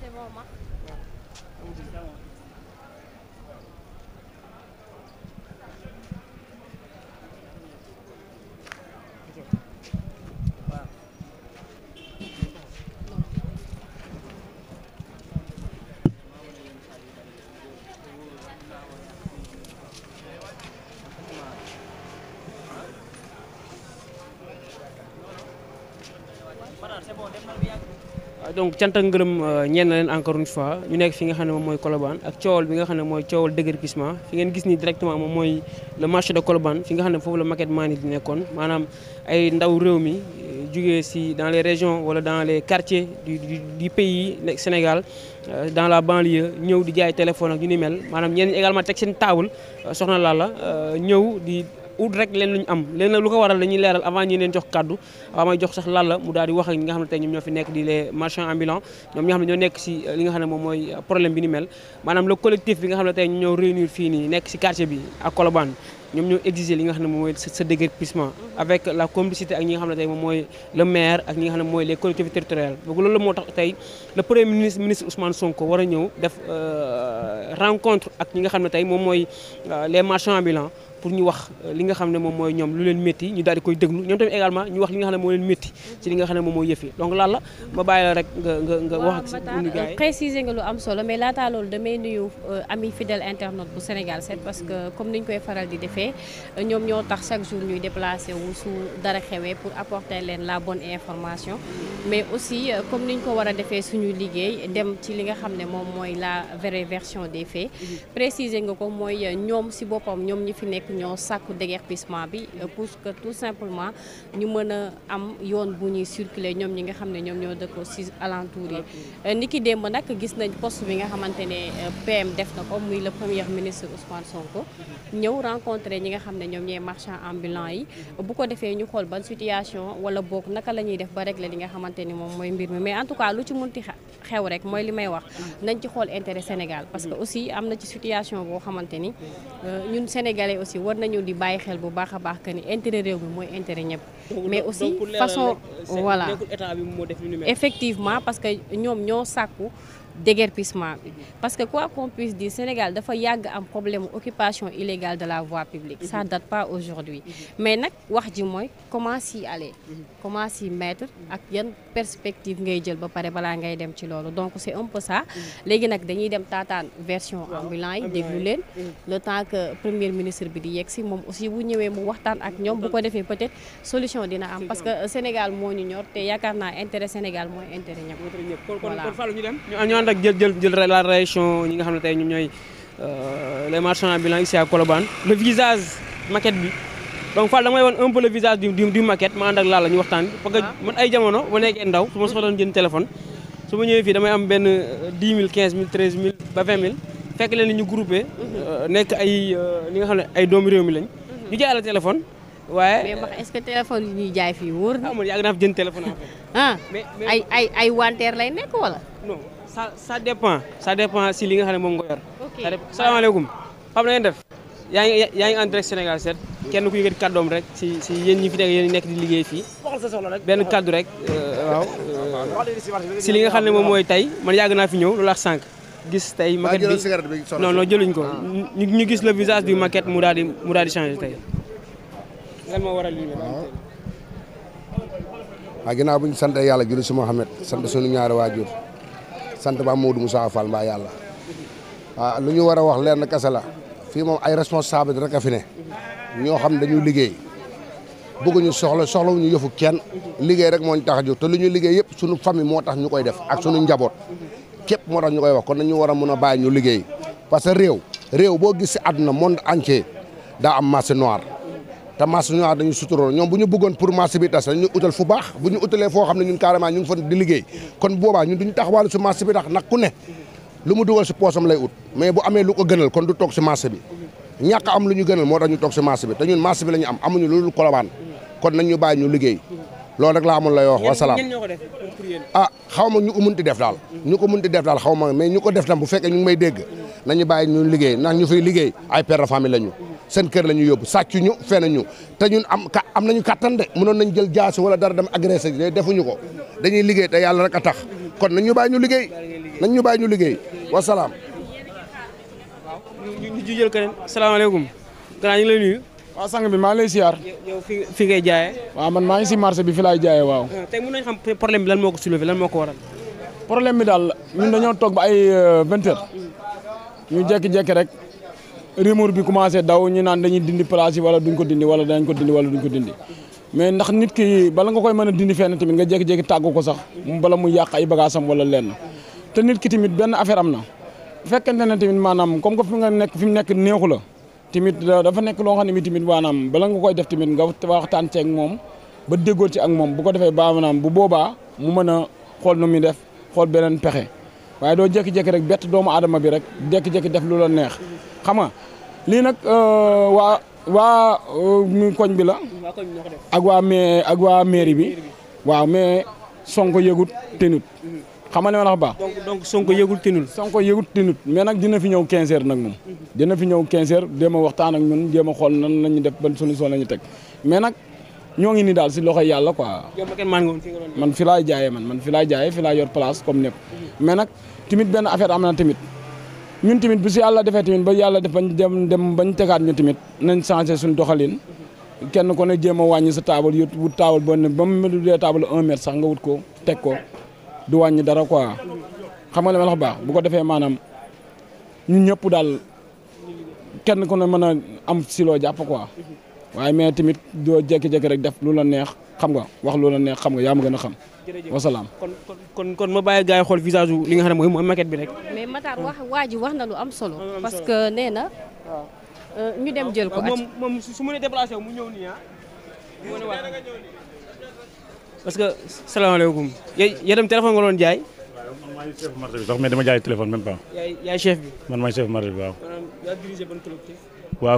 C'est bon, Marc Euh, donc cant ak ngërëm euh, ñeen na leen encore une fois ñu nekk fi nga xam ne moom mooy Colobane ak coowal bi nga xam ne mooy coowal déguerpissement fi ngeen gis nii mooy le marché de Colobane fi nga xam ne foofu la maquette maani di nekkoon maanaam ay ndaw réew mi euh, jugee si dans le régions wala dans les quartiers du pays Sénégal dans la banlieue ñëw di jaay téléphone ak ñu ni mel maanaam ñeen également teg seen table soxna Lalla ñëw ut rek leen lu ñu am leen lu ko waral dañuy leeral avant ñi neen jox kaddu avant may jox sax Lalla mu daal di wax ak ñi nga xam ne tey nekk di les marchands ambulants ñoom ñi ne ñoo nekk si euh, li nga xam ne moom mooy euh, ne tey ñoo réunir fii nii nekk si quartier bi ak Colobane ne moom mooy sa déguerpissement avec la complicité ak ñi nga xam ne tey mooy le maire ak ñi nga xam mooy les collectivités territoriales donc loolu moo tax tey le premier ministre ministre Sonko war a ñëw def euh, rencontre ak ñi nga xam ne tey moom mooy les marchands ambulants pour ñu wax euh, li nga xam ne moom mooy ñoom lu leen métti ñu daal di koy déglu ñoom tamit également ñu wax li nga xam ne leen moom mooy yëf yi donc la ma bàyyi la rek euh, mais laataa loolu euh, comme niñ defee ñoom ko war a defee suñu liggéey dem ci li nga xam ne moom mooy la vraie version des faits mm-hmm. préciser ko mooy ñoom si boppam ñoom ñi fi nekk ñoo sàkku déguerpissement bi euh, pour que tout simplement ñu mën a am yoon bu ñuy circuler ñoom ñi nga xam ne ñoom ñoo dëkkoo ci alentour yi euh, ni démb nag gis nañ poste bi nga xamante ne euh, PM def na ko muy le premier ministre Ousmane Sonko ñëw rencontré ñi nga xam ne ñoom ñooy marchand ambulant yi bu ko defee ñu xool ban situation wala boog naka la ñuy def ba régler li nga xamante ni moom mooy mbir mi mais en tout cas lu ci munti xew rek mooy li may wax nañ ci xool intérêt Sénégal parce war nañu di bàyyi xel bu baax a baax que ni intérêt réew mi mooy intérêt ñëpp. mais aussi façon euh, voilà effectivement parce que ñoom ñoo sàkku déguerpissement bi parce que quoi qu'on puisse dire Sénégal dafa yàgg am problème occupation illégale de la voie publique ça mhm. date pas aujourd'hui mhm. mais nag wax ji mooy comment s'y aller mhm. comment s'y ak yan perspective ngay jël ba pare balaa ngay dem ci loolu donc c'est un peu ça léegi nag dañuy dem taataan version ambulant yi déglu leen mm. le temps que premier ministre bi di yegg si moom aussi bu ñëwee mu waxtaan ak ñoom bu ko defee peut-être solution dina am parce que Sénégal moo ñu ñor te yaakaar naa intérêt Sénégal mooy intérêt ñëpp voilà kon ñu dem ñu ànd jël jël jël la réaction ñi nga xam ne tey ñoom ñooy euh, les marchands ambulants ici à Colobane le visage maquette bi donc Fall da may woon un peu a visage du du maquette ma ànd ak Lalla ñu waxtaan ah. man ay jamono ba ndaw su ma soxla doon jënd téléphone su ma ñëwee fii damay am benn 10 000 15 000 13 000 ba 20 000 fekk leen ni ñu groupé euh, nekk ay li euh, nga xam ne ay doomu réew mi lañ mhm. ñu jaay la téléphone waaye mais est-ce yi ñuy jaay fii wóor na ah, man yàgg naa fi jënd téléphone ah ay ay ay wanteer lay nekk wala non ça ça dépend ça dépend si li nga xam ne moom nga yor salaamaaleykum xam def yaa ngi yaa ngi en direct Sénégal 7 kenn ku yëkkati kàddoom rek si si yéen ñi fi nekk yéen nekk di liggéey fii benn kàddu rek euh, waaw si li nga xam ne moom mooy tey man yàgg naa fi ñëw loolu ak sànq gis tey maquette bi non non jëluñ ko ah. ñu gis le visage du maquette mu daal mu daal di changé tey lan ah. Ah, bu ñu sant yàlla julli si Mouhamed sant sunu ñaari waajur sant ba Modou Moussa Fall mbaa yàlla lu ñu war a wax lenn kese la fii moom ay responsable rek a fi ne ñoo xam ne dañuy liggéey ñu soxla ñu yëfu kenn liggéey rek moo ñu tax a jóg te lu ñuy liggéey yëpp suñu famille moo tax ñu koy def ak suñu njaboot képp moo tax ñu koy wax kon na ñu a mën a bàyyi ñu liggéey parce que réew réew boo gis si àdduna monde entier daa am marché noir te marché noir dañu suturoo ñoom bu ñu bëggoon pour marché bi tas dañu fu baax bu ñu utalee foo xam ne ñun carrément ñu ngi fa di liggéey kon boobaa ñun duñu taxawaalu si marché bi tax nag ku ne lu mu dugal si poosam lay ut mais bu amee lu ko gënal kon du toog si marché bi ñàkk am lu ñu gënal moo tax ñu toog si marché bi te ñun marché bi la ñu am amuñu loolu kolobaan kon nañ ñu bàyyi ñu liggéey loolu rek laa amoon lay wax wasalaam ah xaw ñu ko munti def daal ñu ko munti def daal xaw ma mais ñu ko def tam bu fekkee ñu ngi may dégg nañu bàyyi ñu liggéey ndax ñu fiy liggéey ay père de famille la ñu la ñu yóbbu sàcc ñu fen ñu te ñun am ka am nañu kattan de mënoon nañ jël jaasi wala dara dem agressé ji defuñu ko dañuy liggéey te yàlla rek a tax kon nañ ñu bàyyi ñu liggéey nañ ñu bàyyi ñu liggéey wasalaam. waaw ñu ñu jël keneen salaamaaleykum. gannaaw ñu ngi lay nuyu. waaw bi maa lay siyaar. yow fi fi ngay jaayee. waaw man maa ngi si marché bi fi laay waaw. Ah, tey mën nañu xam problème bi lan moo ko soulevé lan moo ko waral. problème bi daal ñun dañoo toog ba ay euh, vingt ñu jekki jekki rek. rumeur bi commencé daw ñu naan dañuy dindi place yi wala duñ ko dindi wala dañ ko dindi wala duñ ko dindi. mais ndax nit ki bala nga koy mën a dindi fenn tamit nga jékki-jékki ko sax. bala mu yàq ay bagaasam wala lenn. te nit ki tamit benn affaire am na bu fekkente ne tamit maanaam comme que fi nga nekk fi mu nekk neexu la tamit dafa nekk loo xam ne mi tamit maanaam bala nga koy def tamit nga waxtaan ceeg moom ba déggoo ci ak moom bu ko defee baax maanaam bu boobaa mu mën a xool nu muy def xool beneen pexe waaye doo jekki jékki rek bett doomu aadama bi rek jékki-jékki def lu la neex xam nga lii nag euh, waa waa euh, koñ bi la ak waa ma waa mairie bi waaw mais Sonko yëgut tenut xam nga li ma la wax baax. donc donc Sonko yëgul tinul. Sonko yëgul tinul mais nag dina fi ñëw 15 nag moom. dina fi ñëw 15 heures a waxtaan ak ñun jéema xool nan la ñuy def ban solution la ñu teg mais nag ñoo ngi nii daal si loxo yàlla quoi. man fi laay jaayee man man fi laay jaayee fi laay yor place comme ñëpp. mais nag tamit benn affaire am na tamit ñun tamit bu si yàlla defee tamit ba yàlla def bañ dem dem bañ tegaat ñu tamit nañ changé suñu doxalin. kenn ko ne jéem a wàññi sa taabal yóbbu taabal boo ne ba mu dee taabal un mètre sax nga wut ko teg ko du wàññi dara quoi xam nga li ma la baax bu ko defee maanaam ñun ñëpp daal kenn ku ne mën a am silo loo jàpp quoi waaye mais tamit doo jékki-jékki rek def lu la neex xam nga wax lu la neex xam nga yaa ma gën a xam. wa salaam kon kon kon ma bàyyi gars yi xool visage li nga xam ne mooy maquette bi rek. mais Matar wax waa ji wax na lu am solo. parce que nee na. Euh, ñu dem jël ko. Ah, moom su ma nee déplacé mu ñëw nii ah. parce que salaamaaleykum yéen itam téléphone nga doon jaay. man maay chef jaay téléphone même pas. yaay chef bi. man maay chef marché waaw.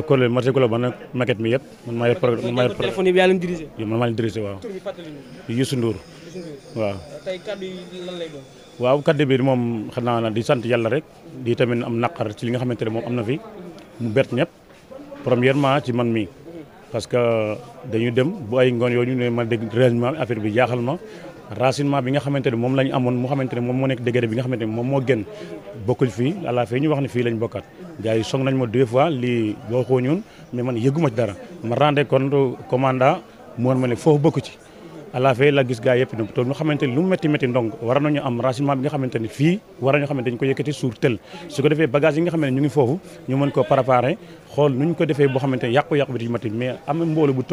maanaam marché Kolde ba nag maquette mi yëpp man maa yor programme man maa dirigé. man maa leen waaw. tur bi fàttali moom xam naa di sant yàlla rek. di tamit am naqar ci li nga xamante ne moom am na fi. mu bett ñëpp. premièrement ci man mi parce que dañu dem bu ay ngoon yooyu ñu man ma dégg réellement affaire bi jaaxal ma racinement bi nga xamante ne moom la ñu amoon mu xamante ne moom moo nekk degré bi nga xamante ne moom moo gën bokkul fii à la fin ñu wax ne fii lañ song nañ ma deux fois lii boo xoo ñun mais man yëguma ci dara ma rendé compte commandant moon ma ne foo bokku ci à la veille la gis gars yëpp donc ñu xamante ni lu mu métti métti ndong war nañu am rassemblement bi nga xamante fii war nañu xamante dañu ko yëkkati suur tël su ko defee bagage nga xam ne ñu ngi foofu ñu mën ko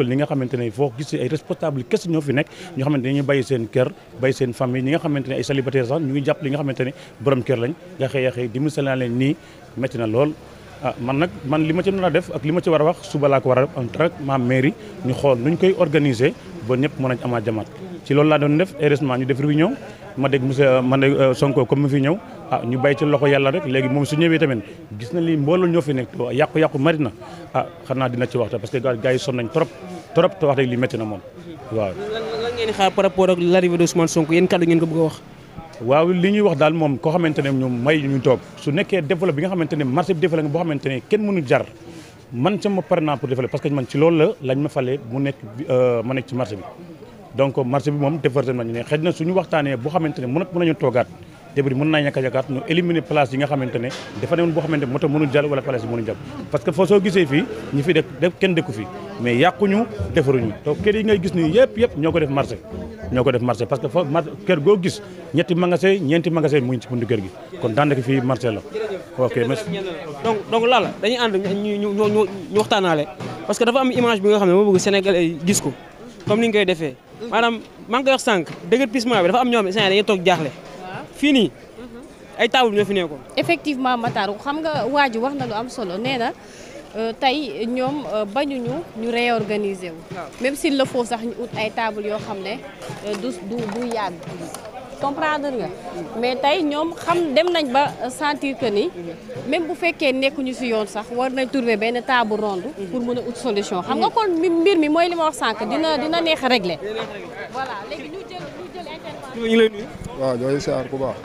nu nga xamante foo gis responsable kese ñoo fi nekk ñoo xamante dañuy bàyyi seen kër bàyyi seen famille ñi nga xamante ne ay célibataire sax ñu ngi jàpp li nga xamante ne borom kër nga xëy xëy di leen nii métti na lool ah man nag man li ma ci mën a def ak li ma ci war a wax suba laa ko war a def en direct ma mairie ñu xool nuñ koy organiser ba ñëpp mën a amaat jamaat ci loolu laa doon def heureusement ñu def réunion ma dégg monsieur euh, man de euh, Sonko comme mu fi ñëw ah ñu bàyyi ci loxo yàlla rek léegi moom su ñëwee tamit gis na li mbooloo ñoo fi nekk yàqu-yàqu mari na ah xanaa dina ci waxtaan parce que gars yi son nañ trop trop te wax dëgg li métti na moom waaw. lan ngeen xaar par rapport ak l'arrivée de Ousmane Sonko yéen kàddu ngeen ko bëgg a wax. waaw li ñuy wax daal moom koo xamante ne ñoom may ñu toog su nekkee développé bi nga xamante ne marché bi développé boo xamante ne kenn mënu jar man sama pare naa pour développé parce que man ci loolu la lañ ma fale mu nekk euh, ma nekk ci marché bi donc marché bi moom développé nañu ne xëy na suñu waxtaanee boo xamante ne mën ñu toogaat débris mën naa na a jakaat ñu éliminer place nga xamante ne dafa newoon boo xamante moto mënul jàll wala place yi mënul parce que foo soo gisee fii ñi fi def kenn dëkku fi mais yàquñu defaruñu donc kër yi ngay gis nii yëpp yëpp ñoo ko def marché ñoo ko def marché parce que foo kër goo gis ñetti magasin ñeenti magasin mu ngi ci buntu kër gi kon daanaka fii marché la ok merci donc donc laala dañuy ànd ñu ñu parce que dafa am image bi nga xam ne moo bëgg koy defee maanaam maa ngi koy wax bi dafa am ñoo xam ne dañuy toog fii nii ay taabul ñoo fi nekkoon. effectivement ma taaru xam nga waa ji wax na lu am solo nee na euh, tey ñoom euh, bañuñu ñu réorganiser wu. même s'il le faut sax ñu ut ay taabul yoo xam ne euh, du du du yàgg. comprendre nga mais tey ñoom xam dem nañ ba sentir que ni même bu fekkee nekkuñu si yoon sax war nañ trouver benn table ronde pour mën a ut solution xam nga kon mbir mi mooy li ma wax sànq dina neex a régler léegi ñu jël ñu jël intervention waaw ñoo ngi siyaar ku baax.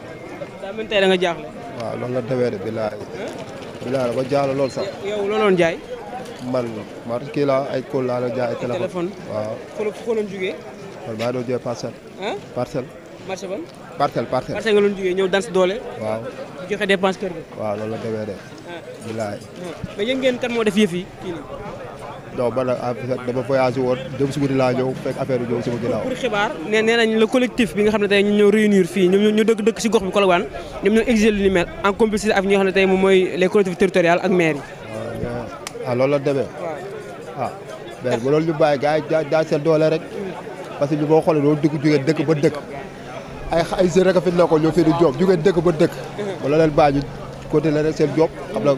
daa mel tey jaaxle. waaw loolu la demee de bilaay. bilaay la ba jaaxle lool sax. yow looloon jaay. man man kii ay kóol laa la jaay téléphone. téléphone waaw. foo foo doon jugee. man maa doon jugee parcelle. parcelle. marché nga doon jugee ñëw dans doole. waaw joxe dépense kër ga. waaw lool la demee bilaay. non man euh, en fait dama voyagé woon dem si guddi laa ñëw collectif bi nga xam ne tey ñu ñëw ñoom ñu si gox bi Colobane ñoom ñoo exiger moom mooy les collectivités territoriales ak maires ah, loolu la demee. waaw ah loolu ñu bàyyi gaa yi daa seen doole rek parce que ñu boo xoolee loolu dugg jógee dëkk ba dëkk ay ay jeunes rek a di job jógee dëkk ba dëkk. Mm-hmm. ba loolu leen bàyyi ñu continuer rek seen job xam na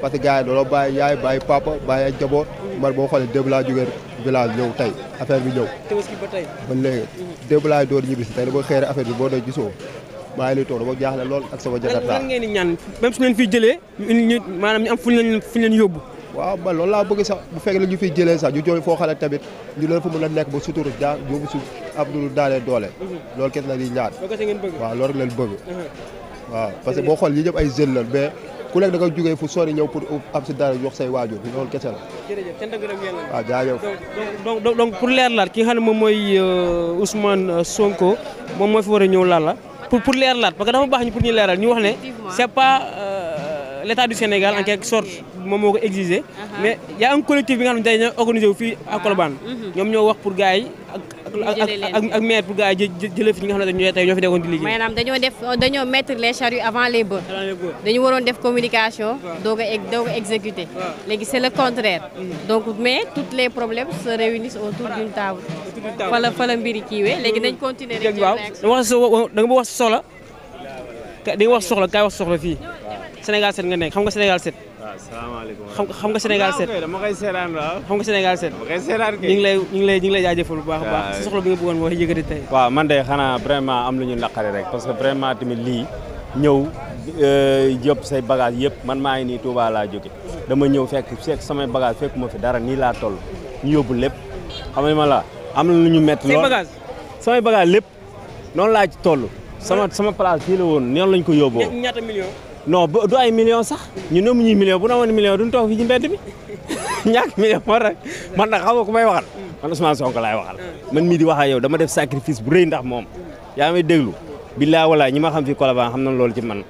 parce que gars yi dañoo bàyyi yaay bàyyi papa bàyyi ay njaboot man boo xoolee démb laa jógee village ñëw tey affaire bi ñëw. tabaski ba tey. ba léegi démb laay door ñibbi si tey dama xeere affaire bi boo doon gisoo maa ngi lay toog dama jaaxle lool ak sama. jakarta lan ngeen di ñaan même su leen fiy jëlee fu ñu leen fu ñu leen yóbbu. laa bëgg sax bu fekkee ne ñu fiy jëlee sax ñu jooy foo xale tamit ñu leen fa mën nekk ba sutur daa yóbbu su ab lu daanee doole. Mhm. lool kese la di ñaan. loolu kese ngeen bëgg. waaw loolu rek leen mhm. parce boo xool ñi ñëpp ay jeunes la mais ku nekk da nga jógee fu sori ñëw pour am si dara jox say waajur loolu kese la. jërëjëf ah, donc donc leerlaat ki nga ne moom mooy euh, Ousmane euh, Sonko moom moo fi war a ñëw laal la pour pour leerlaat parce que dafa baax ñu pour ñu leeral ñu wax ne. c'est pas euh, l' état du Sénégal en quelque sorte moom moo ko exigé. Uh-huh. mais y' a un collectif bi nga xam ne dañoo organisé wu fii uh-huh. mm-hmm. ñoom ñoo wax pour gars ak maire pour gars yi jëlee nga xam ne ñoo fi nekkoon di liggéey maanaam dañoo def dañoo mettre les charrues avant les bœufs dañu waroon def communication doog a doog a exécuter léegi c'est le contraire mm-hmm. donc mais tous les problèmes se réunissent autour d'une table fala fala mbiri kiiwee léegi dañ mm-hmm. continuer rek waaw da nga wax soxla da nga wax soxla kaay wax soxla fii Sénégal 7 nga nekk xam nga Sénégal 7. waaw ah, salaamaaleykum. xam nga Sénégal 7 dama koy seetaan waaw. xam nga Sénégal 7. lay ñu ngi lay ñu ngi lay jaajëfal bu baax soxla bi nga bëggoon wax yëgati tey. waaw man de xanaa vraiment am lu ñu naqari rek parce que vraiment tamit lii ñëw yëpp euh, say bagage yëpp man maa ngi nii Touba laa jóge dama ñëw fekk fekk samay bagage fekk ma fi dara nii laa toll ñu yóbbu lépp xam nga ma la am lu ñu métti lool samay bagage lépp noonu laa ci toll sama sama place fii la woon noonu lañ ko yóbboo ñaata million non ba du ay millions sax ñun ñoom ñuy million bu ne woon million duñ toog fii ci mbedd bi ñàkk million moo tax man nag xam nga ku may waxal man Ousmane Sonko laay waxal man mii di wax ak yow dama def sacrifice bu rëy ndax moom yaa may déglu billaa wala ñi ma xam fii Colobane xam na loolu ci man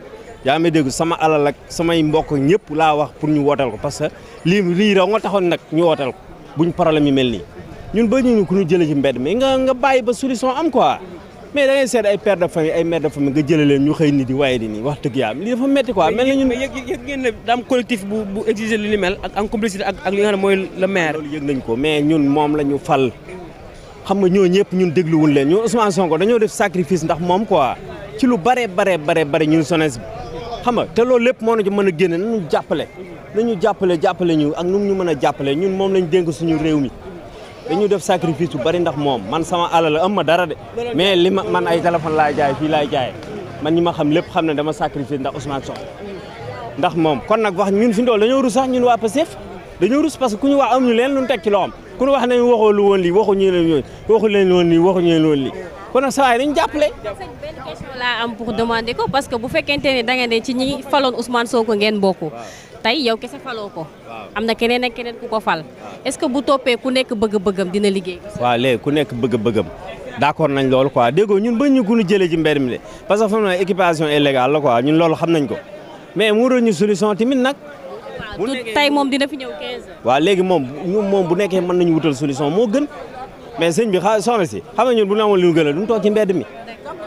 yaa may déglu sama alal ak samay mbokk ñëpp laa wax pour ñu wootal ko parce que lii lii raw nga taxoon nag ñu wootal ko buñ problème yi mel nii ñun ba ñu ku ñu jëlee ci mbedd mi nga nga bàyyi ba solution am quoi mais da ngay seet ay père de famille ay mère de famille nga jëlee ñu xëy nit di waaye di nii wax dëgg yàlla lii dafa metti quoi. mel na ñun yëg yëg mooy le maire. loolu yëg nañ ko mais ñun moom la ñu fal xam nga ñoo ñëpp ñun dégluwul leen ñun Ousmane Sonko dañoo def sacrifice ndax moom quoi ci lu bare bare bare bare ñun sones bi xam nga te loolu lépp moo ñu mën a génne nañu jàppale nañu jàppale jàppale ñu ak nu ñu mën a jàppale ñun moom lañ dénk suñu réew mi dañu def sacrifice bu bari ndax moom man sama alal am ma dara de mais li man ay téléphone laay jaay fii laay jaay man ñi ma xam lépp xam ne dama sacrifice ndax Ousmane Sonko ndax moom kon nag wax ñun fi ndool dañoo rus sax ñun waa Pastef dañoo rus parce ku ñu wax am ñu leen lu ñu teg ci loxoom ku ñu wax nañ waxoo lu woon lii ñu leen woon waxu ñu leen woon kon nag saa waay dañu jàppale benn question laa am pour parce que bu fekkente ne da ngeen ne ci ñi faloon Ousmane Sonko ngeen bokk tey yow kese faloo ko. am na keneen ak keneen ku ko fal. est-ce que bu toppee ku nekk bëgg-bëggam dina liggéey. waaw léegi ku nekk bëgg-bëggam d'accord nañ loolu quoi déggoo ñun ba ñu gunu jëlee ci mbir mi de parce que fu mu ne équipation illégale la quoi loolu xam nañ ko mais mu doon ñu solution tamit nag. bu tey moom dina fi ñëw waa léegi moom ñun moom bu nekkee mën nañu wutal solution moo gën mais sëñ bi xa soxna si xam nga ñun bu ñu amoon lu ñu gënal duñ toog ci mbedd mi.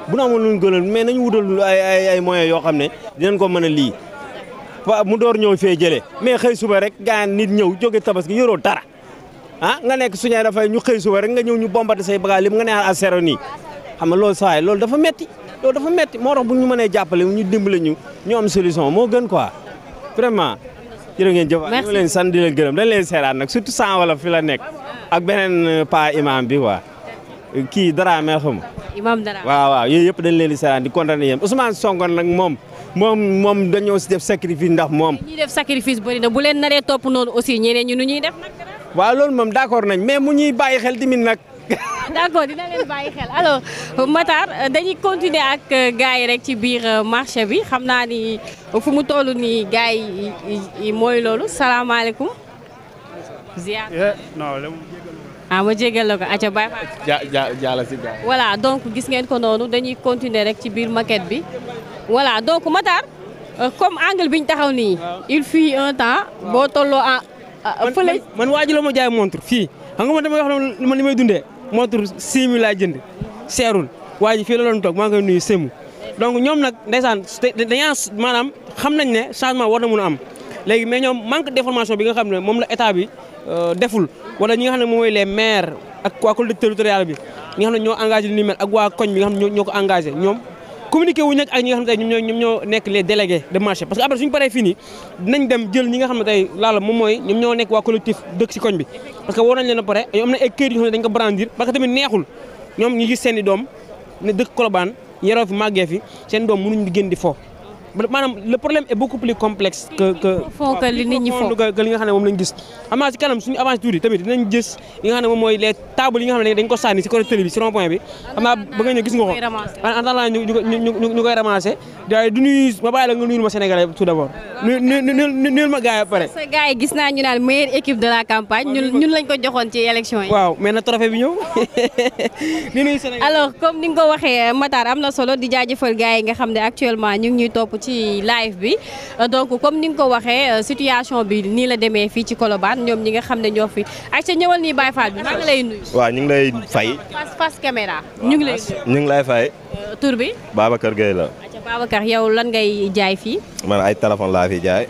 bu ñu amoon lu mais nañu wutal ay moyens yoo xam ne dinañ ko mën a lii mu door ñëw fee jëlee mais xëy suba rek gaan nit ñëw jóge tabaski yoroo dara ah nga nekk suñu dafay ñu xëy suba rek nga ñëw ñu bomba bombardé say bagage lépp nga ne a zéro nii xam nga loolu saa loolu dafa metti loolu dafa metti moo tax bu ñu mënee jàppale ñu dimbale ñu ñu am solution moo gën ko vraiment jërë ngeen jëf ñu leen sant di leen gërëm dañ leen seeraan nag surtout sans wala fi la nekk ak beneen euh, pa imam bi quoi kii daraa mel xam imam dara waaw waaw yooyu yëpp dañ leen di seeraan di condamné yéen Ousmane Sonko nag moom moom moom dañoo si def sacrifice ndax moom. ñuy def sacrifice bëri na bu leen naree topp noonu aussi ñeneen ñun nu ñuy def waaw loolu moom d' accord nañ mais mu ñuy bàyyi xel tamit nag. Ah, d' accord dina leen bàyyi xel alors Matar dañuy continuer ak euh, gars yi rek ci biir euh, marché bi xam naa ni fu mu toll nii gars yi mooy loolu salaamaaleykum. ziar non ah ma jégal la ko acca bàyyi donc gis ngeen ko noonu dañuy continuer rek ci biir maquette bi. voilà donc Matar euh, comme angle bi ñu taxaw nii. il fi un temps. boo tolloo à fële. man waa ji la ma jaay montre fii xam nga man damay wax ne man li may dundee montre 6000 laa jënd seerul waa ji fii la doon toog maa ngi koy nuyu Sémou donc ñoom nag ndeysaan dañaa maanaam xam nañ ne changement war na mun a am léegi mais ñoom manque d'information bi nga xam ne moom la état bi euh, deful wala ñi nga xam ne moom mooy les maires ak waa collectivité territoriale bi ñi nga xam ne ñoo engagé li ni mel ak waa koñ bi xam ne ñoo ko engagé ñoom. communiqué wuñ nag ak ñi nga xam ne tey ñoom ñoo ñoom ñoo nekk les délégués de marché parce que après suñu paree fii nii dinañ dem jël ñi nga xam ne tey laala moom mooy ñoom ñoo nekk waa collectif dëkk ci koñ bi parce que woo nañ leen a pare am na ay kër xam ne dañ ko brandir parce que tamit neexul ñoom ñu gis seen i doom ne dëkk Colobane yeroo fi màggee fi seen doom mënuñ di génn di fo maanaam le problème est beaucoup plus complexe. que li nit ñi foog que li nga xam ne moom lañ gis. xam si kanam suñu avance tuuti tamit dinañ gis li xam ne mooy les tables yi xam ne dañ ko sànni si côté nga nuyul ma Sénégalais tout d'abord. nuyul ma gars yi pare. sa gars gis naa ñu naan meilleure équipe de la campagne ñun ñun ko joxoon ci élection yi. waaw mais na trophée bi ñëw. ni ñuy topp ci live bi donc comme ni nga ko waxee euh, situation bi nii la demee fii ci Colobane ñoom ñi nga xam ne ñoo fi ay ca ñëwal nii Baye Fall bi maa ngi lay nuyu. waaw ñu ngi lay fay. face face caméra. ñu ngi lay ñu ngi lay fay. Euh, tur bi. Babacar Gueye la. ayca Babacar yow lan ngay jaay fii. man ay téléphone laa fi jaay.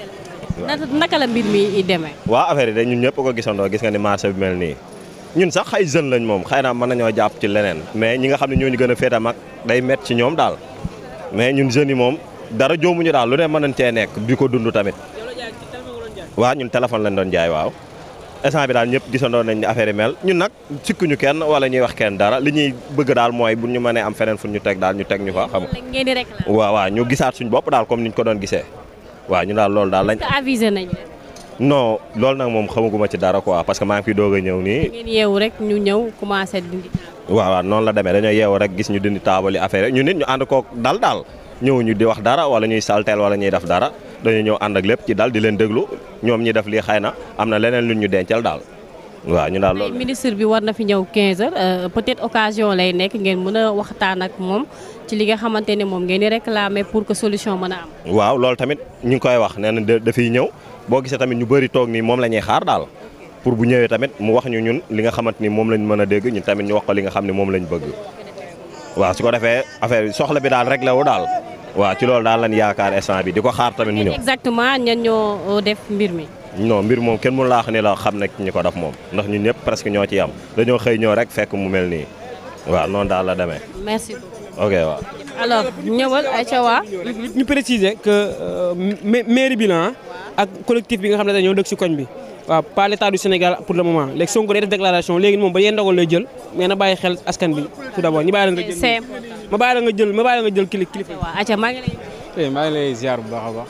naka la mbir mi demee. waaw affaire yi de ñun ñëpp ko gisandoo gis nga ni marché bi mel nii. ñun sax xay jeune lañ moom xëy na mën nañoo jàpp ci leneen mais ñi nga xam ne ñoo ñu gën a féete mag day met ci ñoom daal mais ñun jeunes moom dara joomuñu daal lu ne mën nañ cee nekk bi ko dund tamit. waaw ñun téléphone lañ doon jaay waaw. instant bi daal ñëpp gisandoo nañ ni affaire yi mel ñun nag sikkuñu kenn wala ñuy wax kenn dara li ñuy bëgg daal mooy bu ñu mënee am feneen fu ñu teg daal ñu teg ñu fa xam nga. waaw ñu gisaat suñu bopp daal comme niñ ko doon gisee. waa ñu daal loolu daal lañ. avisé nañ non loolu nag moom xamaguma ci dara quoi parce que maa ngi fi doog ñëw nii. ngeen yeewu ñu ñëw commencé dindi. noonu la demee dañoo yeewu rek gis ñu dindi taabal yi affaire ñu nit ñu ànd kook dal daal ñëwuñu di wax dara wala ñuy salteel wala ñuy def dara dañu ñëw ànd ak lépp ci daal di leen déglu ñoom ñi def lii xëy na am na leneen lu ñu dencal daal waaw ñu daal loolu ministre bi war na fi ñëw 15 heures euh, peut-être occasion lay nekk ngeen mën a waxtaan ak moom ci li nga xamante ne moom ngeen di réclamer pour que solution mën a waaw loolu tamit ñu koy wax nee na dafiy ñëw boo gisee ñu bëri toog nii moom la ñuy xaar daal pour bu ñëwee tamit mu wax ñu ñun li nga xamante ni moom lañ mën a dégg ñun tamit ñu wax ko li nga xam ne moom lañu bëgg waaw su ko defee affaire bi soxla bi daal réglé wu daal. waaw ci loolu daal lan yaakaar instant bi di ko xaar tamit mu ñëw. exactement ñan ñoo euh, def mbir mi. non mbir moom kenn mënu laax ne la xam ne ñu ko def moom ndox ñun ñëpp presque ñoo ci am dañoo xëy ñoo rek fekk mu mel nii waaw noonu daal la deme merci beaucoup ok waaw. alors ñëwal ayca waa. ñu préciser que euh, mairie bi la ah, ak collectif bi nga xam ne dañoo dëkk ci koñ bi. waaw pas l'état du Sénégal pour le moment léegi Sonko day def déclaration léegi moom ba yee ndogal lay jël mais na bàyyi xel askan bi tout d'abord ñu bàyyi la nga jël ma bàyyi la jël ma bàyyi la nga kili kilifa. waaw acca maa ngi lay. Eh, maa bu baax a baax.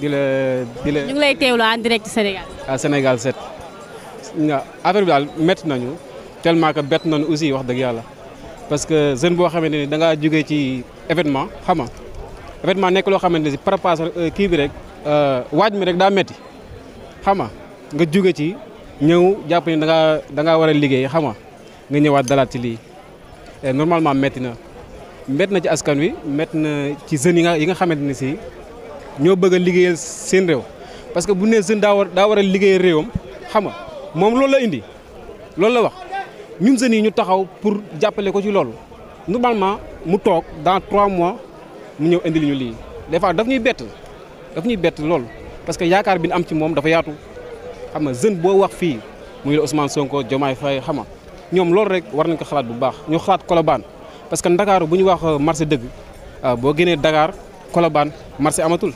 di la ziar. di la Sénégal. set Sénégal 7. nga affaire daal métti nañu tellement que bett nañu aussi wax dëgg yàlla parce que jeune boo xamante ni da ngaa jógee ci événement xam nga événement nekk loo xamante ni si préparation euh, kii bi rek euh, waaj mi rek daa métti. xam nga nga jóge ci ñëw jàpp ni da ngaa da ngaa war a liggéey xam nga nga ñëwaat dalaat lii lii normalement métti na métti na ci askan wi métti na ci jeunes yi nga yi nga xamante ne si ñoo bëgg a liggéeyal seen réew parce que bu nee jeune daa war daa war a liggéeyal réewam xam nga moom loolu la indi loolu la wax ñun jeunes yi ñu taxaw pour jàppale ko ci loolu normalement mu toog dans trois mois mu ñëw indi li ñu lii des fois daf ñuy bett daf ñuy bett loolu. parce que yaakaar bi ñu am ci moom dafa yaatu xam nga jeune boo wax fii muy la Ousmane Sonko Diomaye xam nga ñoom loolu rek war nañ ko xalaat bu baax ñu xalaat Colobane parce que Ndakaaru bu ñu wax euh, marché dëgg euh, boo génnee Dakar Colobane marché amatul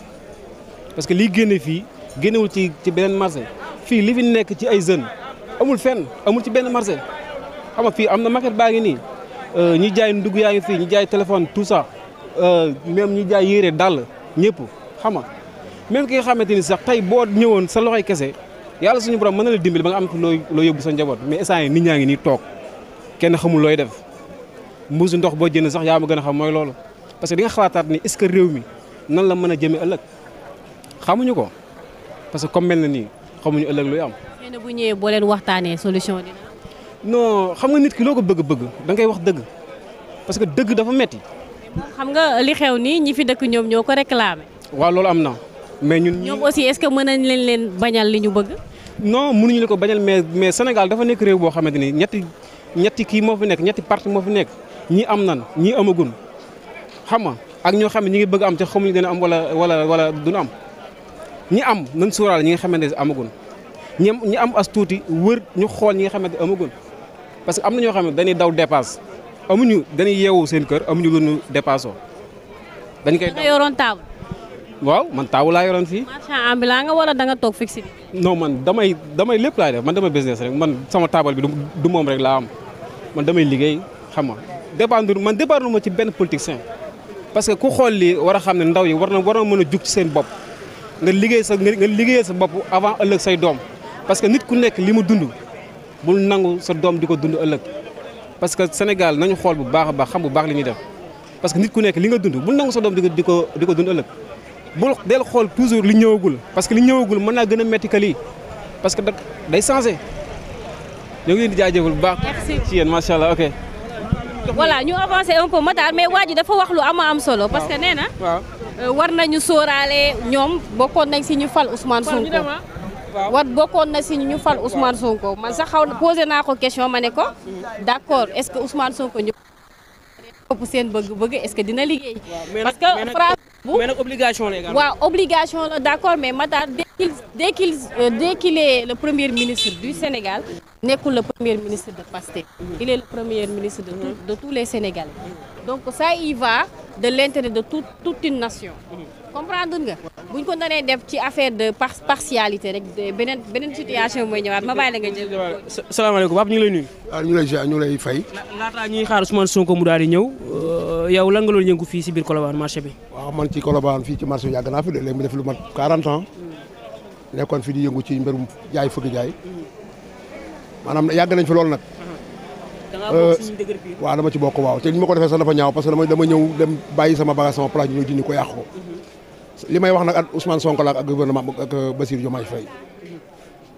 parce que lii génne fii génnewul ci ci beneen marché fii li fi nekk ci ay jeunes amul fenn amul ci benn marché xam fii am na maquette baa ngi nii euh, ñi jaay ndugg yaa ngi fii ñi jaay téléphone tout ça même ñi jaay yére dàll ñëpp xam même ki nga xamante ni sax tey boo ñëwoon sa loxoy kese yàlla suñu borom mën na la dimbali ba nga am loo loo yóbbu sa njaboot mais instant yi nit ñaa ngi nii toog kenn xamul looy def mbuusu ndox boo jënd sax yaa ma gën a xam mooy loolu parce que di nga xalaataat ni est-ce mi nan la mën a jëmee ëllëg xamuñu ko parce que comme mel na nii xamuñu ëllëg luy am. xëy na ñëwee boo leen waxtaanee solution dina non xam nga nit ki loo ko bëgg bëgg da ngay wax dëgg parce que dëgg dafa metti xam nga li xew nii ñi fi dëkk ñoom ñoo ko réclamé. waaw loolu am na mais ñun ñoom aussi est-ce que mën nañ leen leen bañal li ñu bëgg. non mënuñu la ko bañal mais mais Sénégal dafa nekk réew boo xamante ni ñetti ñetti kii moo fi nekk ñetti parti moo fi nekk ñi am nan ñi amagun xam nga ak ñoo xam ne ñi ngi bëgg am te xamuñu dina am wala wala wala duñu am ñi am nañ sóoraal ñi nga xamante ne amagun ñi ñi am as tuuti wër ñu xool ñi nga xamante amagun parce que am na ñoo xam ne dañuy daw dépasse amuñu dañuy yeewu seen kër amuñu lu ñu dépassoo dañ koy yoroon table waaw man taawu laa yoroon fii. marchand ambulant nga wala da nga toog fixe bi. man damay damay lépp laa def man damay business rek man sama taabal bi du moom rek laa am man damay liggéey xam nga dépendre man dépendre ma ci benn politicien parce que ku xool li war a xam ne ndaw yi war na war mën a jug ci seen bopp nga liggéey sa nga liggéey sa bopp avant ëllëg say doom parce que nit ku nekk li mu dund bul nangu sa doom di ko dund ëllëg parce que Sénégal nañu xool bu baax a baax xam bu baax li ñuy def parce que nit ku nekk li nga dund bul nangu sa doom di ko di ko di ko dund bul del xool toujours li ñëwagul parce que li ñëwagul mën naa gën a métti que parce que day changé ñoo ngi leen di jaajëfal bu baax. ci yéen macha allah ok. voilà ñu avancé un peu Matar mais waa ji dafa wax lu am am solo. parce que nee na. Euh, war nañu sooraale ñoom bokkoon nañ si ñu fal Ousmane Sonko. war bokkoon na si ñu fal Ousmane Sonko man sax xaw na posé naa ko question ma ne ko. d' accord est ce que Ousmane Sonko ñu. ëpp seen bëgg-bëgg est ce que dina liggéey. parce que mais nag obligation la waaw obligation la d' mais Matar dès qu' il dès euh, est le premier ministre du Sénégal nekkul le premier ministre de Pastef il est le premier ministre de de tous les Sénégalais donc ça y va de l' de toute toute une nation. comprendre nga buñ ko nanee def ci affaire de partialité rek beneen beneen situation mooy ñëwaat ma bàyyi la nga jël. salaamaaleykum Pape ñu ngi lay nuyu. waaw ah, ñu ngi lay ziar ñu lay fay. laataa ñuy xaar mu daal di ñëw euh, yow lan nga loolu yëngu fii si biir Colobane marché bi. waaw man ci Colobane fii ci marché bi yàgg naa fi de léegi mu def lu mat 40 ans nekkoon fi di yëngu ci mbirum jaay fëgg jaay maanaam yàgg nañ fi loolu nag. Euh, waaw dama ci bokk waaw te ni ma ko defee sax dafa ñaaw parce que dama dama ñëw dem bàyyi sama bagage sama place ñu ko yàq ko li may wax nag at Ousmane Sonko la ak gouvernement ak Bassirou Diomaye Faye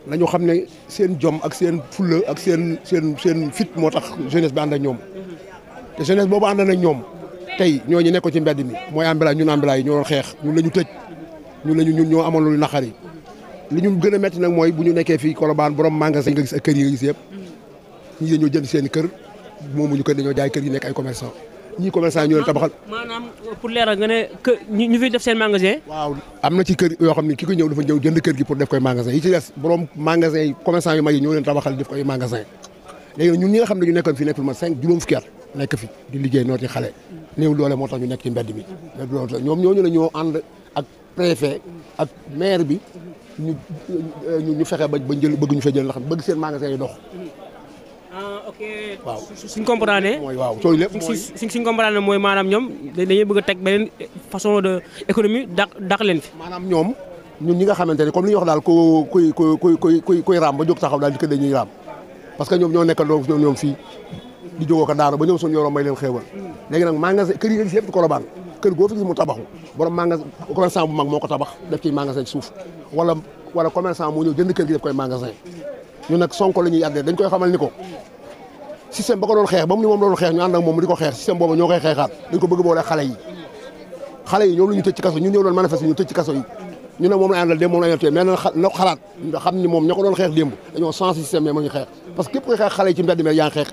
nañu xam ne seen jom ak seen fulla ak seen seen seen fit moo tax jeunesse bi ànd ak ñoom te jeunesse boobu ànd na ñoom tey ñoo ñooñu nekk ci mbedd mi mooy ambilaa ñun ambilaa yi ñoo doon xeex ñun la ñu tëj ñun la ñu ñun ñoo amoon lu naqari li ñu gën a metti nag mooy bu ñu nekkee fii Colobane borom magasin nga gis ak kër yi nga gis yëpp ñii dañoo jënd seen kër moom moomuñu kër dañoo jaay kër yi nekk ay commerçant ñii commerçant ñoo leen tabaxal. maanaam pour leeral nga ne que ñu fi def seen waaw am na ci kër yoo xam ne ki ko ñëw dafa ñëw jënd kër gi pour def koy magasin yi ci des borom magasin yi commerçant yu mag yi ñoo leen tabaxal def magasin léegi nag ñi nga xam ne ñu nekkoon fii nekkul ma cinq juróom fukki fi di liggéey nooti xale néew doole moo tax ñu nekk ci mbedd mi ñoom ñooñu la ñoo ànd ak préfet ak maire bi ñu ñu fexe ba ba jël bëgg ñu fa jël la xam bëgg seen magasin yi dox ah waaw suñ comprendre ne. mooy waaw sooy lépp mooy suñ suñ mooy maanaam ñoom dañuy bëgg teg beneen façon de économie daq daq leen fi. maanaam ñoom ñun ñi nga xamante ne comme li ñu wax daal ku kuy kuy kuy kuy raam ba taxaw daal di ko dañuy raam parce que ñoom ñoo nekkandoo ñoom ñoom fii di jógoo ba ñoom suñu yoroon may leen xéewal léegi nag magasin kër yi nga gis yëpp di Colobane kër goo fi gis mu mag moo ko tabax def ci magasin ci suuf wala wala commerçant moo ñëw jënd kër gi def koy magasin ñu nekk Sonko la ñuy yàggee dañ koy xamal ni ko système ba ko doon xeex ba mu ni moom doon xeex ñu ànd ak moom di ko xeex système boobu ñoo koy xeexaat dañ ko bëgg boole xale yi xale yi ñoom la ñu tëj ci kaso yi ñu ne moom la àndal démb moom la ñuy tëj mais na na xalaat nga xam ni moom ña ko doon xeex démb dañoo changé système mais ma ñu xeex parce que képp koy xeex xale yi ci mbedd mi yaakaar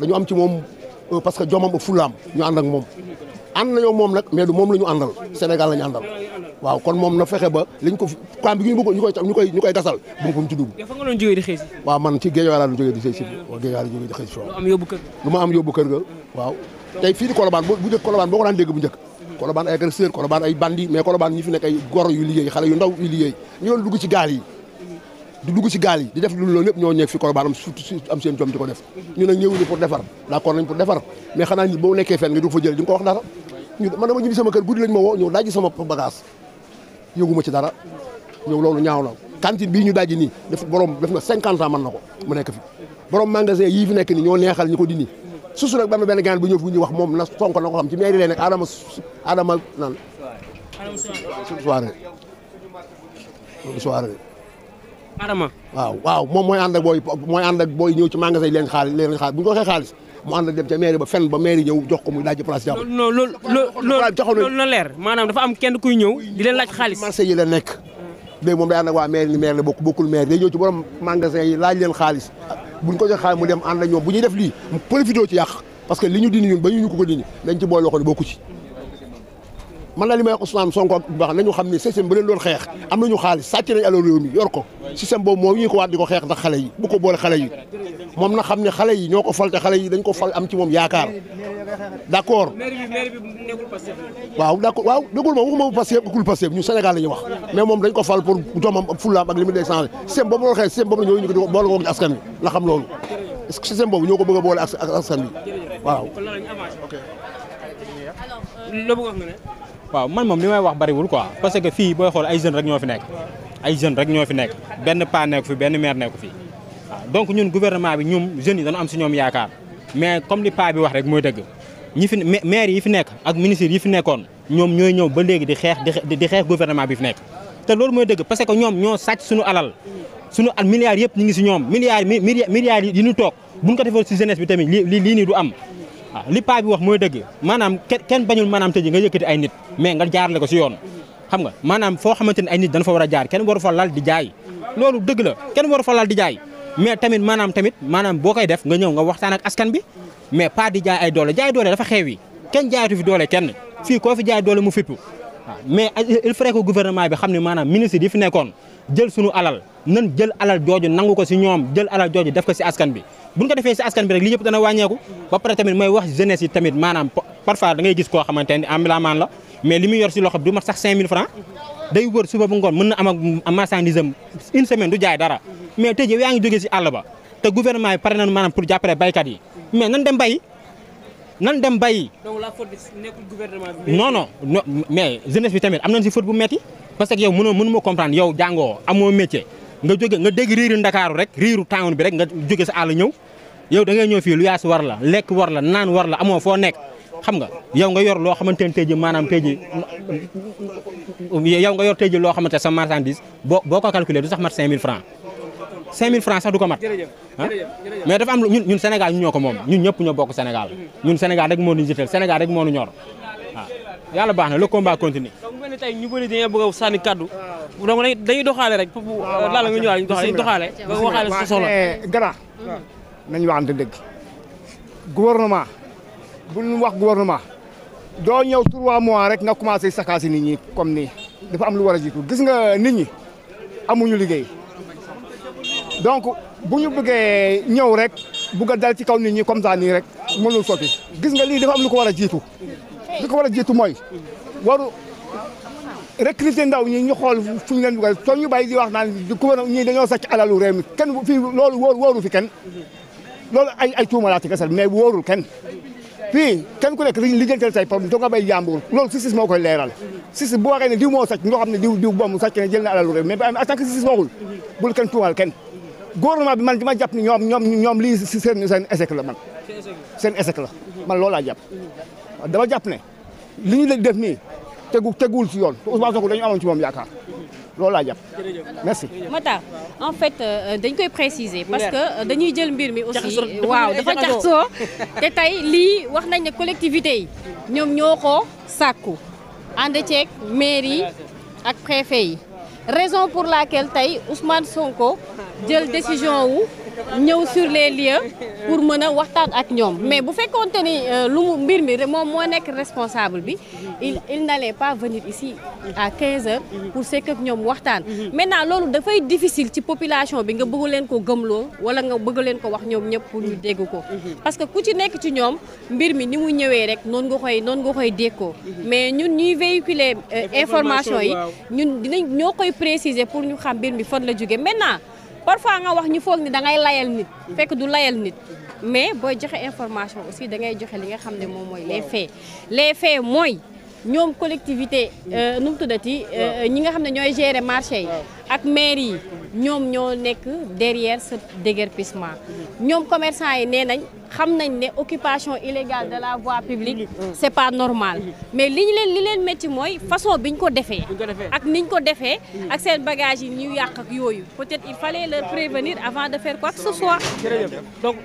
dañu am ci moom euh, parce que jomam ak fulaam ñu ànd moom ànd nañoo moom nag mais du moom la ñu àndal Sénégal la ñu àndal waaw kon moom na fexe ba liñ ko kaam bi ñu koy ñu koy ñu koy gasal bu mu ko mu ci dugg. fa nga doon jógee di bu njëkk ko daan dégg bu njëkk. Colobane ay ay bandi mais Colobane ñi fi nekk ay gor yu liggéey xale yu ndaw yu liggéey ñu doon dugg ci gaal yi di dugg ci gaal def lu loolu yëpp ñoo ñeeg fi Colobane am surtout am seen jom di ko def ñu nag ñëwuñu pour defar d'accord nañ pour defar mais xanaa nit boo nekkee fenn nga du fa jël di nga ko wax dara ñu man dama ñibbi sama kër guddi lañ ma woo ñëw daaji sama bagage yëguma ci dara ñëw loolu ñaaw na cantine bii ñu daaji nii def borom def na cinquante ans mën na ko mu nekk fi borom magasin yii fi nekk nii ñoo neexal ñi ko dindi susu nag benn benn gaan bu ñëw fi ñu wax moom na sonko na ko xam ci mairie lee nag adama adama nan soirée soirée adama waaw waaw moom mooy ànd booy mooy ànd ak booy ñëw ci magasin yi leen xaalis leen xaalis bu ñu ko xaalis mu ànd dem ca mairie ba fenn ba mairie ñëw jox ko muy laaj place jàmm non loolu loolu na leer maanaam dafa am kenn ku ñëw di leen laaj xaalis marché yi la nekk léegi moom day ànd ak waa mairie ni mairie la bokk bokkul mairie day ñëw ci borom magasin yi laaj leen xaalis buñ ko jox xaalis mu dem ànd ñoom bu ñuy def lii profité ci yàq parce que li ñu dindi ñun ba ñu ñu ko ko dindi dañ ci boole loxo ne bokku ci man la li may wax Ousmane Sonko bu baax nañu xam ni système bu leen doon xeex am nañu xaalis sàcc nañ alal réew mi yor ko système boobu moom ñu ko waat di ko xeex ndax xale yi bu ko boole xale yi moom na xam ne xale yi ñoo ko fal xale yi dañ ko fal am ci moom yaakaar d'accord waaw d'accord waaw dëggul ma waxuma bu passé ëkkul passé ñu Sénégal la ñuy wax mais moom dañ ko fal pour doomam ak fulaam ak li mu ñoo ko boole ko ci askan bi la xam loolu est-ce ñoo ko bëgg a boole ak askan bi waaw waaw man moom li may wax bariwul quoi parce que fii booy xool ay jeunes rek ñoo fi nekk ay jeunes rek ñoo fi nekk benn paa nekk fi benn maire nekk fi waaw ñun gouvernement bi ñoom jeunes yi dañu am si ñoom yaakaar mais comme li paa bi wax rek mooy dëgg ñi fi maire yi fi nekk ak ministre yi fi nekkoon ñoom ñooy ñëw ba léegi di xeex di xeex gouvernement bi fi nekk te loolu mooy dëgg parce que ñoom ñoo sàcc suñu alal suñu al milliards yëpp ñu ngi si ñoom milliards milliards yi ñu toog buñ ko defal si jeunesse bi tamit lii lii nii du am waaw ah, li paa bi wax mooy dëgg maanaam kenn bañul maanaam tëj nga yëkkati ay nit mais nga jaarale ko si yoon xam nga maanaam foo xamante ne ay nit dañ fa war a jaar kenn waru fa lal di jaay loolu dëgg la kenn waru fa lal di jaay mais tamit maanaam tamit maanaam boo koy def nga ñëw nga waxtaan ak askan bi mais pas di jaay ay doole jaay doole dafa xew yi kenn jaayatu fi doole kenn fii koo fi jaay doole mu fippu waaw ah, mais il faudrait bi xam ne maanaam ministre yi fi nekkoon jël sunu alal nan jël alal jooju nangu ko si ñoom jël alal jooju def ko si askan bi buñ nga defee si askan bi rek li ñëpp dana wàññeeku ba pare tamit mooy wax jeunesse yi tamit maanaam parfois da ngay gis koo xamante ni ambulant la mais li muy yor si loxo bi du mat sax 5000 francs day wër suba bu ngoon mën na am ak marchandise une semaine du jaay dara mais tey jii yaa ngi jógee si àll ba te gouvernement yi pare nañu maanaam pour jàppale baykat yi mais nan nan dem bàyyi. donc la faute nekkul gouvernement bi. mais jeunesse bi tamit am nañ si faute bu metti parce que yow mënoo mënuma comprendre yow jàngoo amoo métier nga jóge nga dégg riiru Ndakaaru rek riiru town bi rek nga jóge sa àll ñëw yow da ngay ñëw fii lu yaas war la lekk war la naan war la amoo foo nekk xam nga yow nga yor loo xamante ne tey jii maanaam tey jii yow nga yor tey jii loo xamante sa marchandise boo ko calculé du sax mat 5000 francs 5000 francs sax du ko mat ah? mais dafa am ñun ñun Sénégal ñun ñoo ko moom ñun ñëpp ñoo bokk Sénégal mm-hmm. ñun Sénégal rek moo ñu jiital Sénégal rek moo ñu ñor waaw ah. yàlla baax na le combat continue donc ñu bëri dañuy bëgg a sànni kaddu donc dañuy doxaale rek foofu laala nga ñëwaat dañuy doxaale nga waxaale sa soxla eh, gannaaw mm-hmm. nañu waxante dëgg gouvernement bu ñu wax gouvernement doo ñëw trois mois rek nga commencé sakaasi nit ñi comme nii dafa am lu war a jiitu gis nga nit ñi amuñu liggéey donc bu ñu bëggee ñëw rek bugg a dal ci kaw nit ñi comme ça nii rek mënul sotti gis nga lii dafa am lu ko war a jiitu li ko war a jiitu mooy waru recruter ndaw ñi ñu xool fu ñu leen bugg a soo ñu bàyyi di wax naan gouvernement dañoo sàcc alalu réew kenn fii fi kenn loolu ay ay tuuma laa ci kese mais wóorul kenn fii kenn ku bay jàmbur loolu justice moo koy leeral justice bu waxee ne diw moo sàcc ñoo xam ne diw diw boobu sàcc ne jël na alalu réew mais en tant que justice waxul bul kenn tuumal kenn gouvernement ma man ma jàpp ni ñoom ñoom ñoom lii si seen seen échec la man. seen échec la man loolu jàpp. dama jàpp ne li ñu def nii tegu teguwul si yoon te Ousmane Sonko dañu amoon ci moom yaakaar. loolu laa jàpp merci. Matar en fait euh, dañ koy préciser parce que euh, dañuy jël mbir mi aussi waaw dafa jaxasoo te tey lii wax nañ ne collectivité yi ñoom ñoo ko sàkku ànd ceeg mairie yi ak préfet yi. raison pour laquelle tey Ousmane Sonko jël décision wu ñëw sur les lieux pour mën a waxtaan ak ñoom mais bu fekkoonte ni euh, lu mbir mi moom moo nekk responsable bi il il n'allait pas venir ici à 15 heures pour sekk ak ñoom waxtaan maintenant loolu dafay difficile ci population bi nga bëgg leen ko gëmloo wala nga bëgg leen ko wax ñoom ñëpp pour ñu dégg ko parce que ku ci nekk ci ñoom mbir mi ni mu ñëwee rek noonu nga koy noonu nga koy déggoo mais ñun ñuy véhiculer euh, information yi ñun ñoo koy préciser pour ñu xam mbir mi fan la jóge maintenant parfois nga wax ñu foog ni dangay ngay layal nit fekk du layal nit mais booy joxee information aussi da ngay joxe li nga xam ne moom mooy les faits les faits mooy ñoom collectivité euh, nu mu tuddati euh, ñi nga xam ne ñooy gérer marché yi ak maire yi ñoom ñoo nekk derrière ce déguerpissement ñoom commerçant yi nee nañ xam nañ ne occupation illégale de la voie publique mm. Mm. c'est pas normal mm. mais li ñu leen li leen métti mooy façon bi ñu ko defee ak niñ ko defee ak seen bagage yi ñu yàq ak yooyu peut-être il fallait leur prévenir avant de faire quoi ce soit